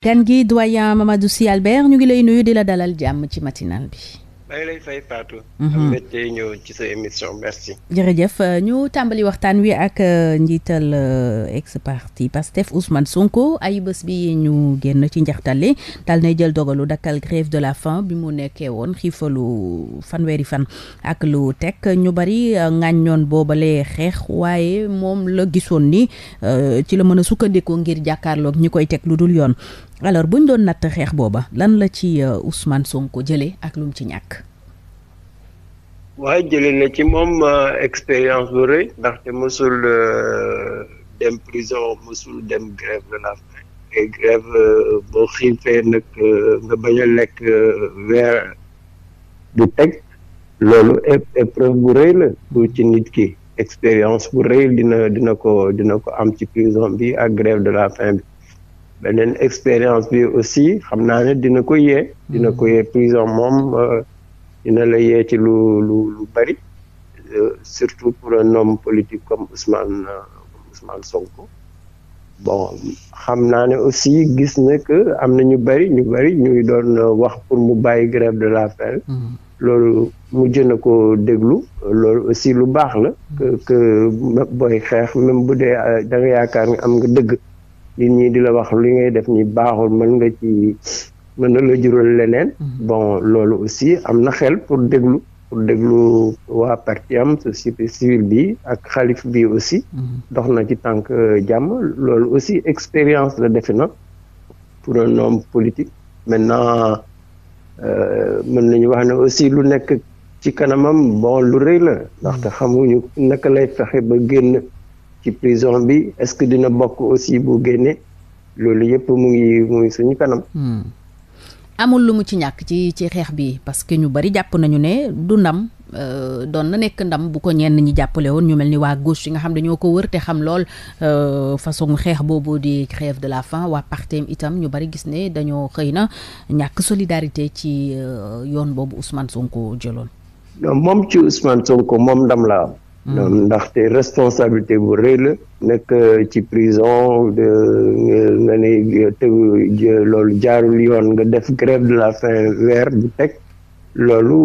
gan gi doyen Mamadou Sy Albert ñu ngi lay nuyu di la dalal jàmm ci matinal bi. Mhm. ñëw euh, ñu tàmbali waxtaan wi ak euh, njiital euh, ex parti Pastef Ousmane Sonko ay bés bi ñu génn ci njaxtale dal nay jël dogalu dakkal grève de la faim bi mu nekkee woon xiifalu fanweeri fan ak lu teg ñu bari ŋàññoon boobale xeex waaye moom la gisoon ni ci la mën a sukkandiku ngir jàkkaarloog ñi koy teg lu dul yoon. alors buñ doon natt xeex booba lan la ci euh, Ousmane ko jëlee ak lu ci ñàkk. waaye jële na ci moom euh, expérience bu rëy ndaxte mosul euh, dem prison mosul dem grève de la faim et grève boo xiifee nag nga bañ a lekk weer du teg loolu épreuve bu rëy la bu ci nit ki expérience bu rëy dina dina ko dina ko am ci prison bi ak grève de la faim bi. beneen expérience bi aussi xam naa ne dina ko yee. dina ko yee prison moom euh, dina la yee ci lu lu lu bari euh, surtout pour un homme politique comme Ousmane comme euh, Ousmane Sonko. bon xam naa ne aussi gis na que am na ñu bari ñu bari ñuy doon wax pour mu bàyyi grève de la faim mm-hmm. loolu mujj na ko déglu loolu aussi lu baax la que que booy xeex même bu dee da yaakaar nga am nga dëgg li ñi di la wax li ngay def ni baaxul mën nga ci mën na la jural leneen mhm. bon loolu aussi am na xel pour déglu pour déglu waa parti am société civile bi ak xalif bi aussi mhm. dox na ci tànk euh, jàmm loolu aussi expérience la defe na pour un homme politique maintenant euh, mën nañu wax ne aussi lu nekk ci kanamam bon lu rëy la mhm. ndaxte xamuñu naka lay fexe ba génn ci prison bi est-ce que dina bokk aussi bu génne loolu yëpp mu ngi mu suñu kanam. Hmm. amul lu mu ci ñàkk ci ci xeex bi parce que ñu bari jàpp nañu ne du ndam euh, doon na nekk ndam bu ko ñenn ñi jàppale woon ñu mel ni waa gauche yi nga xam dañoo ko wër te xam lool euh, façon xeex boobu di grève de la faim waa Partem itam ñu bari gis ne dañoo xëy na ñàkk solidarité ci euh, yoon boobu Ousmane Sonko jëloon. moom ci Ousmane Sonko moom ndam la Mm. ndaxte responsabilité bu rëy la nekk euh, ci prison de euh, nga euh, loolu jaarul yoon nga def grève de la faim weer bu teg loolu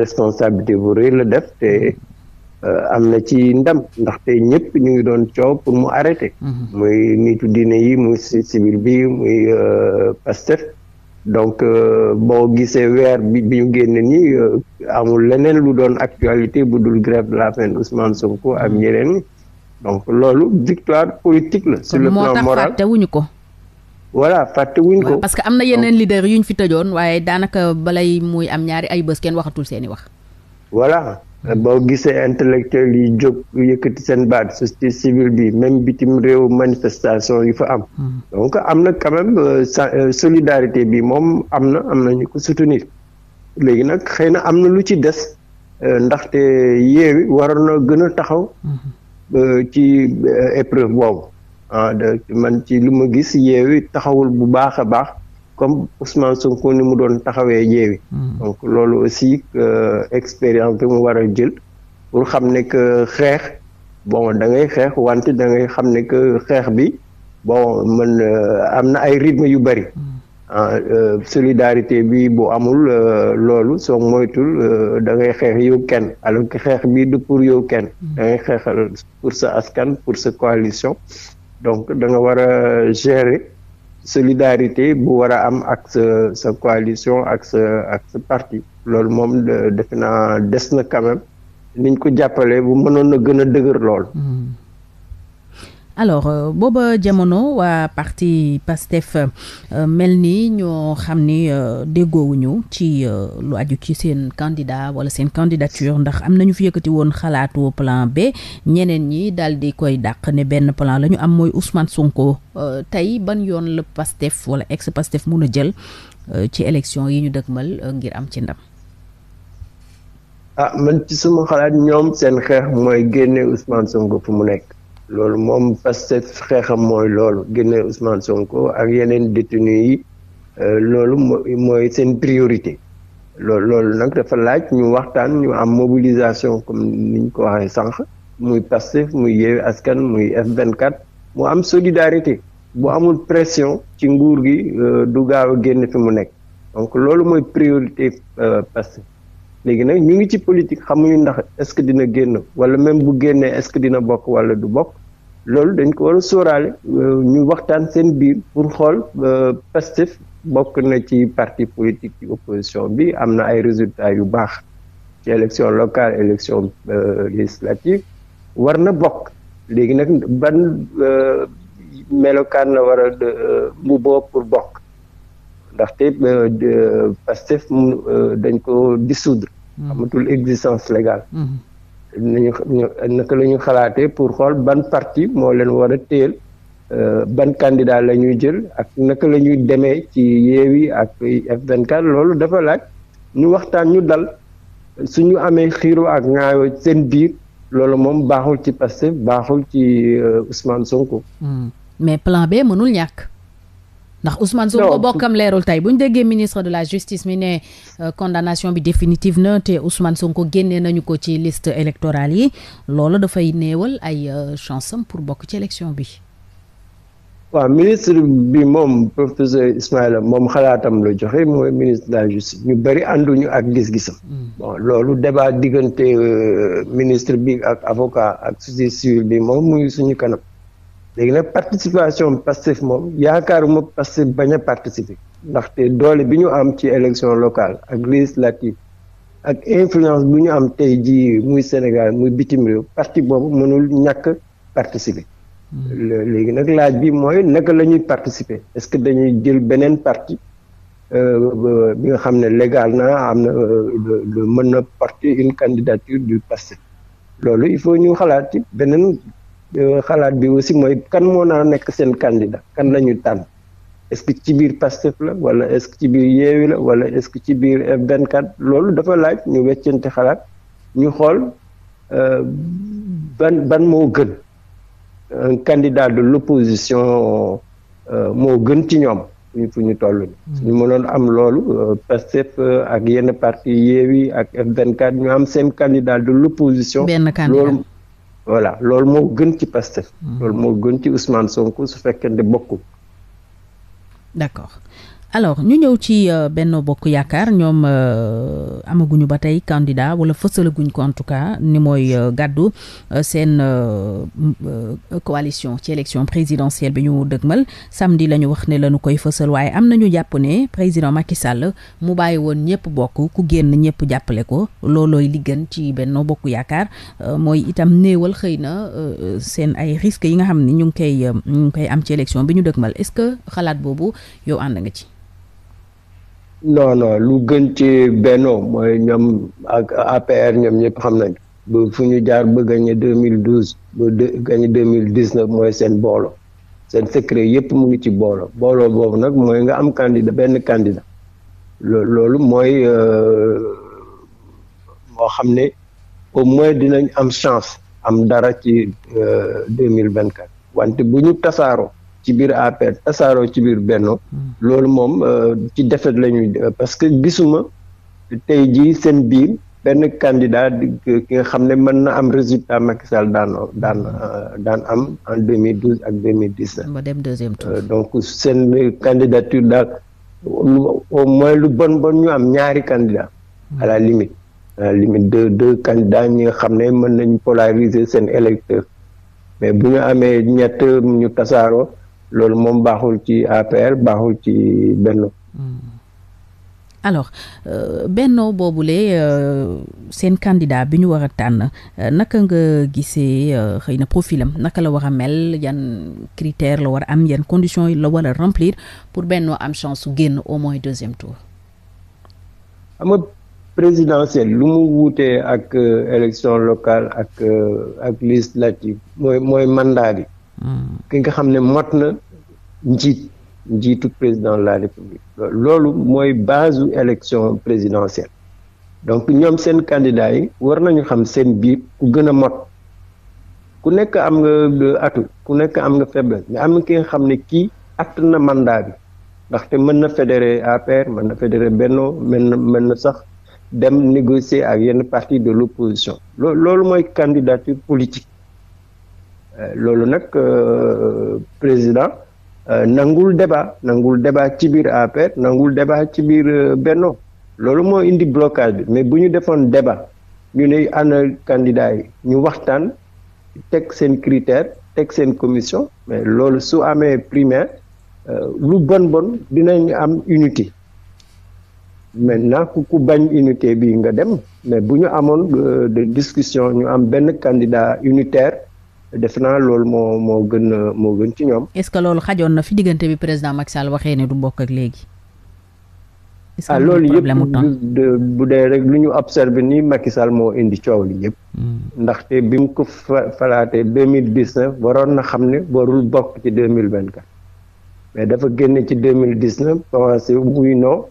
responsabilité bu rëy def te mm. am na ci ndam ndaxte ñëpp ñu ngi doon coow pour mu arrêté mm-hmm. muy nitu diine yi muy civil bi muy Pastef donc euh, boo gisee weer bi bi ñu génn nii euh, amul leneen lu doon actualité bu dul grève de la faim Ousmane Sonko ak ñeneen donc loolu victoire politique la. sur le plan moo tax fàttewuñu ko. voilà fàttewuñ ko. parce que am na yeneen leader yu ñu fi tëjoon waaye daanaka balay muy am ñaari ay bés kenn waxatul seeni wax. voilà boo gisee intellectuel yi jóg yëkkati seen baat société civile bi même bitim réew manifestation yi fa am hmm. donc am na quand euh, euh, solidarité bi moom am na am na ñu ko soutenir léegi nag xëy na am na lu ci des euh, ndaxte Yewwi waroon na gën a taxaw hmm. ci épreuve boobu ah, man ci lu ma gis Yewwi taxawul bu baax a baax comme Ousmane Sonko ni mu doon taxawee Yewwi hmm. donc loolu aussi euh, expérience bi mu war a jël pour xam ne que xeex bon dangay xeex wante da ngay xam ne que xeex bi bon man euh, am na ay rythme yu bëri hmm. ah, euh, solidarité bi bu amul loolu soo moytul da ngay xeex yow kenn alors que xeex bi du pour yow kenn hmm. da ngay pour sa askan pour sa coalition donc da nga war solidarité bu war a am ak sa sa coalition ak sa ak sa parti loolu moom defe naa des na quand niñ ko jàppale bu mënoon na gën a dëgër lool. Mm-hmm. alors euh, booba jamono waa parti PASTEF euh, mel ni ñoo xam ni euh, déggoowuñu ci lu aju ci seen candidat wala seen candidature ndax am nañu fi yëkkati woon xalaatu plan B ñeneen ñi daal di koy dàq ne benn plan lañu am mooy Ousmane Sonko tey ban yoon la PASTEF wala ex PASTEF mun a jël ci élection yi ñu dëgmal ngir am ci ndam. ah man ci suma xalaat ñoom seen xeex mooy génne Ousmane Sonko fu mu nekk. loolu moom Pastef xeexam mooy loolu génne Ousmane Sonko ak yeneen détenu yi euh, loolu mooy seen priorité loolu loolu nag dafa laaj ñu waxtaan ñu am mobilisation comme ni ko waxee sànq muy Pastef muy Yewwi Askan muy F24 mu am solidarité bu amul pression ci nguur gi euh, du gaaw a génn fi mu nekk donc loolu mooy priorité euh, Pastef léegi nag ñu ngi ci politique xamuñu ndax est-ce que dina génn wala même bu génnee est-ce que dina bokk wala du bokk loolu dañ ko war a sóoraale euh, ñu waxtaan seen biir pour xool euh, Pastef bokk na ci parti politique ci opposition bi am na ay résultat yu baax ci élection locale élection euh, législative war na bokk léegi nag ban melokaan la war a mbubboo pour bokk ndaxte euh, Pastef euh, dañ ko dissoudre hmm. amatul existence légale hmm. nañu naka lañuy xalaatee pour xool ban parti moo leen war a téyel euh, ban candidat la ñuy jël ak naka la ñuy demee ci Yewwi ak F24 loolu dafa laaj ñu waxtaan ñu dal suñu amee xiiroo ak ŋaayoo seen biir loolu moom baaxul ci Pastef baaxul ci Ousmane Sonko. Hmm. mais plan B mënul ñàkk. ndax Ousmane Sonko bokkam leerul tey bu ñu déggee ministre de la justice mi ne euh, condamnation bi définitive na te Ousmane ko génnee nañu ko ci liste électorale yi loolu dafay néewal ay euh, chance pour bokk ci élection bi. waaw ministre bi moom professeur Ismaïla moom xalaatam la joxe mooy ministre de la justice ñu bëri ànduñu ak gis-gisam. Mm. bon loolu débat diggante euh, ministre bi ak avocat ak société civile bi moom muy suñu kanam. léegi nag participation Pastef moom yaakaaruma Pastef bañ a participer ndaxte doole bi ñu am ci élection locale ak législative ak influence bu ñu am tey jii muy Sénégal muy bitim réew parti boobu mënul ñàkk participer. Hmm. léegi nag laaj bi mooy naka la ñuy participer est-ce que dañuy jël beneen parti euh, bi nga xam ne légal na am na euh, mën na porter une candidature du Pastef loolu il faut ñu xalaat beneen Euh, xalaat bi aussi mooy kan moo naa nekk seen candidat kan la ñu tànn est-ce que ci biir Pastef la wala est ci biir Yewwi la wala est-ce que ci biir F24 loolu dafa laaj ñu weccante xalaat ñu xool euh, ban ban moo gën un candidat de l'opposition euh, moo gën ci ñoom fu ñu toll nii. suñu hmm. mënoon am loolu Pastef ak yenn parti Yewwi ak F24 ñu am seen candidat de l'opposition. benn candidat loolu voilà loolu moo gën ci Pastef mm-hmm. loolu moo gën ci Ousmane Sonko su fekkee ne bokkul. d'accord. alors ñu ñëw ci euh, Benno Bokk Yaakaar ñoom euh, amaguñu ba tey candidat wala fësalaguñ ko en ni mooy euh, gàddu seen coalition ci élection présidentielle bi ñu dëgmal samedi la ñu wax ne lañu koy fësal waaye am nañu jàpp ne président Macky Sall mu bàyyi woon ñëpp bokk ku génn ñëpp jàppale ko loolooy li gën ci Benno Bokk Yaakaar mooy itam néewal xëy na seen ay risques yi nga xam ne ñu ngi koy ñu ngi koy am ci élection bi ñu dëgmal est-ce que xalaat boobu yow ànd nga ci no non lu gën ci Benno mooy ñoom ak APR ñoom ñëpp xam nañ ba fu ñu jaar ba gañ deux mille douze ba gagné deux mille dix neuf mooy seen booloo seen secret yëpp mu ngi ci booloo booloo boobu nag mooy nga am candidat benn candidat loolu mooy euh, moo xam ne comme moins dinañ am chance am dara ci euh, deux mille vingt quatre wante bu ñu tasaaroo ci biir APR tasaaroo ci biir Benno hmm. loolu moom euh, ci défaite la parce que gisuma tey jii seen biir benn candidat ki nga xam ne mën na am résultat Macky Sall daan daan euh, daan am en 2012 ak 2017. ba dem deuxième tour euh, donc seen candidature daal au moins lu bon bon ñu am ñaari candidat hmm. à la limite à la limite de deux candidats ñi nga xam ne mën nañ polariser seen électeur mais bu ñu amee ñett ñu tasaaroo loolu moom baaxul ci APR baaxul ci Benno hmm. alors euh, Benno boobule euh, seen candidat bi ñu wax a tànn euh, naka nga gisee euh, xëy na profilam naka la wax a mel yan critère la war a am yan conditions la war a remplir pour Benno am chance su génn au moins deuxième tour. xam nga lu mu wuutee ak euh, élection locale ak ak législative mooy mooy mandat bi. ki nga xam ne mot na njiit njiitu président de la république loolu mooy base élection présidentielle donc ñoom seen candidat yi war nañu xam seen biir ku gën a mot ku nekk am nga atu ku nekk am nga faiblesse mais am na ki nga xam ne kii att na mandat bi ndaxte mën na fédérer APR mën na fédérer Benno mën na mën na sax dem négocier ak yenn parti de l'opposition loolu loolu mooy candidature politique Euh, loolu nag euh, président euh, nangul débat nangul débat ci biir APR nangul débat ci biir Benno loolu moo indi blocage bi mais bu ñu defoon débat ñu ne ana candidat yi ñu waxtaan teg seen critère teg seen commission mais loolu su amee primaire lu bon bon dinañ am unité maintenant ku ku bañ unité bi nga dem mais bu ñu amoon de discussion ñu am benn candidat unitaire def naa loolu moo moo gën moo gën ci ñoom. est-ce que loolu xajoon na fi diggante bi président Macky Sall waxee ne du bokk ak léegi. ah loolu yëpp bu dee rek lu ñu observé ni Macky Sall moo indi coow li yëpp. Hmm. ndaxte bi mu ko fa falaatee deux mille dix neuf waroon na xam ne warul bokk ci deux mille vingt quatre mais dafa génne ci deux mille dix neuf commencé wuy non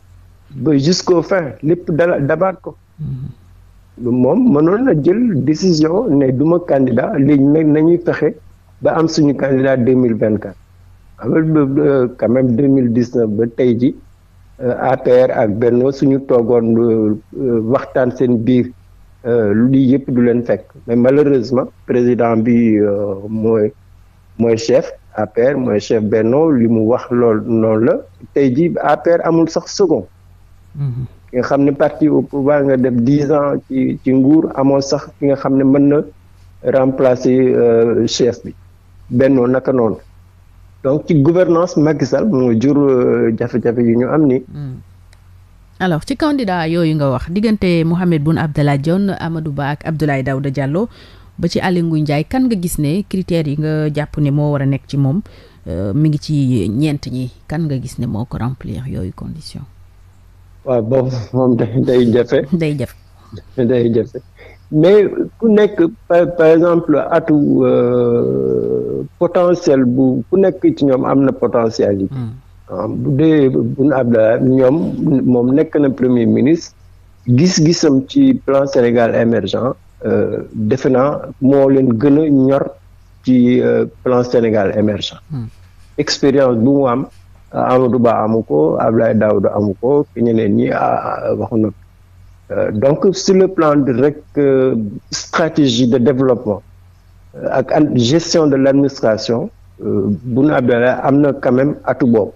ba jusqu'au fin lépp da dabaat ko. Hmm. moom mënoon na jël décision ne du ma candidat léegi nag nañuy fexe ba am suñu candidat deux mille vingt quatre euh, euh, quand même deux mille dix neuf ba tey ji euh, APR ak Benno suñu toogoon waxtaan seen biir lii yëpp du leen fekk mais malheureusement président bi mooy mooy chef APR mooy chef Benno li mu wax lool noonu la tey ji APR amul sax second mm-hmm. nga xam ne parti au pouvoir nga def dix ans ci nguur amoo sax ki nga xam ne mën na remplacer euh, chef bi bennoo naka noonu donc ci gouvernance Macky Sall moo jur euh, jafe-jafe yu ñu am ni hmm. alors ci candidat yooyu nga wax diggante Mahammed Boun Abdallah Dionne Amadou Ba ak Abdoulaye Daouda jàlloo ba ci Aly Ngouille Ndiaye kan nga gis ne critères yi nga jàpp ne moo war a nekk ci moom euh, mi ngi ci ñeent ñi kan nga gis ne moo ko remplier yooyu condition waaw boobu moom day jafe. day jafe day jafe mais ku nekk par exemple atu euh, potentiel bu ku nekk ci ñoom am na potentialité. Hmm. Ah, bu dee Boun Abdallah ñoom moom nekk na premier ministre gis-gisam ci plan Sénégal émergent euh, defe naa moo leen gën a ñor ci euh, plan Sénégal émergent hmm. expérience bu mu am. Amadou Ba amu ko Abdoulaye Daouda amu ko ki ñeneen ñi ah, ah, waxu na euh, donc sur le plan de rek euh, stratégie de développement euh, ak gestion de l'administration Boun Abdallah am na quand atu boobu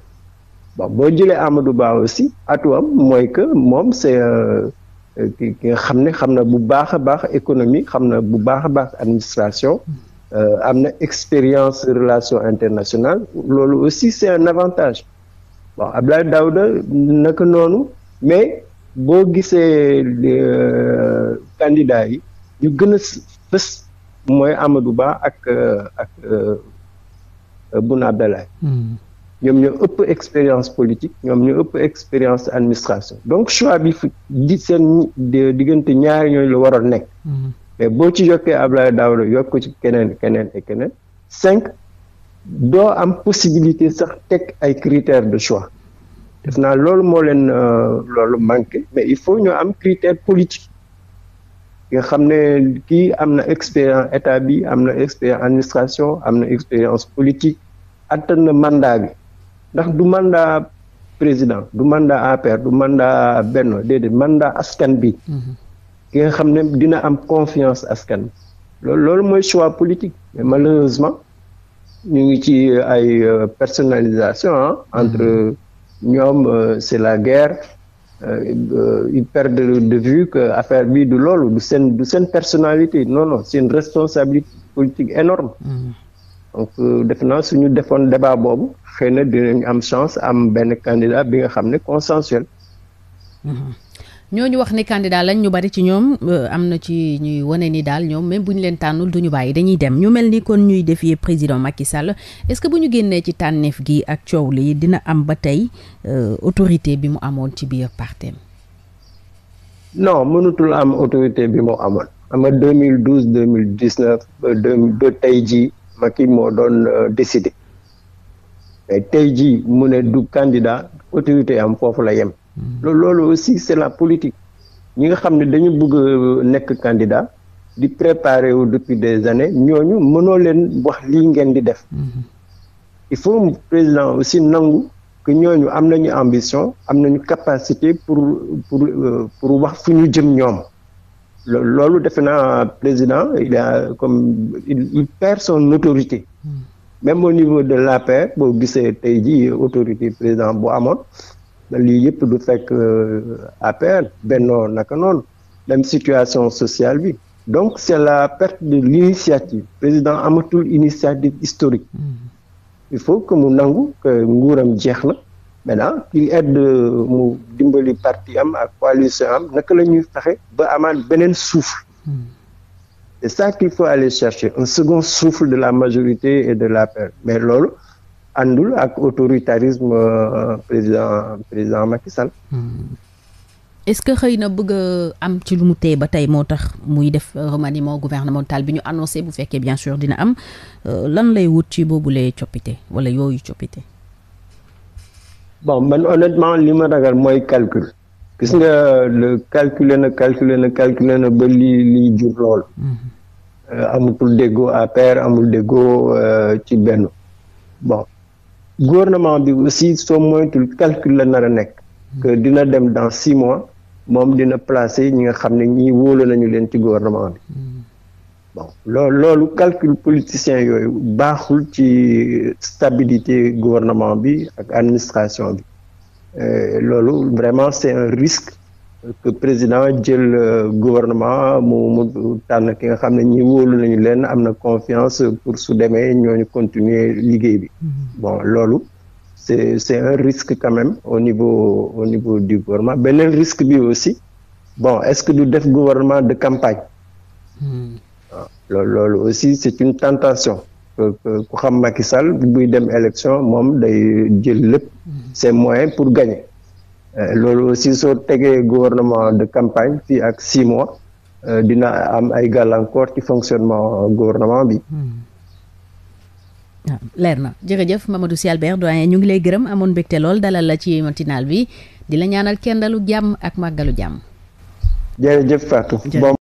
bon boo jëlee Amadou Ba aussi atu am mooy que moom c'est ki nga xam ne xam na bu baax a baax économie xam na bu baax a baax administration Euh, am na expérience relation internationale loolu aussi c'est un avantage bon Abdoulaye Daouda naka noonu mais boo gisee euh, candidats yi ñu gën a fës mooy amadu Ba ak euh, ak Boun Abdallah hmm. ñoom ñoo ëpp expérience politique ñoom ñoo ëpp expérience administration donc choix bi di seen diggante ñaari ñooñu la waroon nekk hmm. mais boo ci yokkee abla Daouda yokk ci keneen keneen et keneen cinq doo am possibilité sax teg ay critères de choix def naa loolu moo leen euh, loolu manqué mais il faut ñoo am critère politique nga xam ne kii am na expérience état bi am na expérience administration am na expérience politique attan na mandat bi ndax du mandat président du mandat APR du mandat Benno déedéet mandat askan bi. Mm -hmm. ki nga xam ne dina am confiance askan loolu loolu mooy choix politique mais malheureusement ñu ngi ci euh, ay euh, personnalisation entre mm-hmm. ñoom euh, c'est la guerre ils perdent de vue que affaire bi du loolu du seen du seen personnalité non non c'est une responsabilité politique énorme mm-hmm. donc defe naa ñu defoon débat boobu xëy na ñu am chance am benn candidat bi nga xam ne consensuel mm-hmm. ñoo ñu wax ni candidat lañ ñu bari ci ñoom euh, am na ci ñuy wane ni daal ñoom même bu ñu leen tànnul duñu ñu bàyyi dañuy dem ñu mel ni kon ñuy défier président Macky Sall est-ce que bu ñu génnee ci tànneef gi ak coow lii dina am ba tey euh, autorité bi mu amoon ci biir parteem non mënutul am autorité bi mu amoon ama 2012 2019 ba tey ji Macky moo doon euh, décidé mais tey jii mu ne du candidat autorité am foofu la yem loolu aussi c'est la politique ñi nga xam ne dañu bugg euh, nekk candidat di préparer wu depuis des années ñooñu mënoo leen wax lii ngeen di def mm-hmm. il faut président aussi nangu que ñooñu am nañu ambition am nañu capacité pour pour euh, pour wax fu ñu jëm ñoom loolu defe na président il a comme il, il son autorité mm. même au niveau de la l'APR boo gisee tey jii autorité président bu amoon lii yëpp du fekk euh, APR bennoo naka noonu même situation sociale bi donc c'est la perte de l'initiative président amatul initiative historique hmm. il faut que mu nangu que nguuram jeex na maintenant qu'il aide euh, mu dimbali parti am ak coalition am naka la ñuy fexe ba amaat beneen souffle hmm. c'est ça qu'il faut aller chercher un second souffle de la majorité et de la paix mais loolu àndul ak autoritarisme euh, président président Macky Sall. Hmm. est-ce que xëy na bëgg am ci lu mu téye ba tey moo tax muy def remaniement gouvernemental bi ñu annoncé bu fekkee bien sûr dina am euh, lan lay wut ci boobu boobule coppite walla yooyu coppite. bon man honnêtement li ma ragal mooy calcul. gis nga le na calculer na calculer na ba lii lii jur lool. Hmm. Euh, amatul déggoo APR amul déggoo ci benn bon gouvernement bi aussi soo moytul calcul la nar a nekk. dina dem dans six mois moom dina placer ñi nga xam ne ñi wóolu nañu leen ci gouvernement bi. Hmm. bon loolu loolu calcul politicien yooyu baaxul ci stabilité gouvernement bi ak administration bi euh, loolu vraiment c'est un risque. que président jël euh, gouvernement mu mu tànn ki nga xam ne ñii wóolu nañu leen am na confiance pour su demee ñooñu continuer liggéey bi mm-hmm. loolu c'est c'est un risque quand même au niveau au niveau du gouvernement beneen risque bi aussi bon est-ce que du def gouvernement de campagne mm-hmm. ah, loolu loolu aussi c'est une tentation ku xam Macky Sall buy dem élection moom day jël lépp ses mm-hmm. moyen pour gagner Euh, loolu aussi soo tegee gouvernement de campagne fii ak six euh, dina am ay gàllankoor ci fonctionnement gouvernement bi. Hmm. Ah, leer na jërëjëf Mamadou Sy Albert doyen ñu ngi lay gërëm amoon mbégte lool dalal la ci matinal bi di la kenn kendalu jàmm ak màggalu jàmm. jërëjëf Fatou.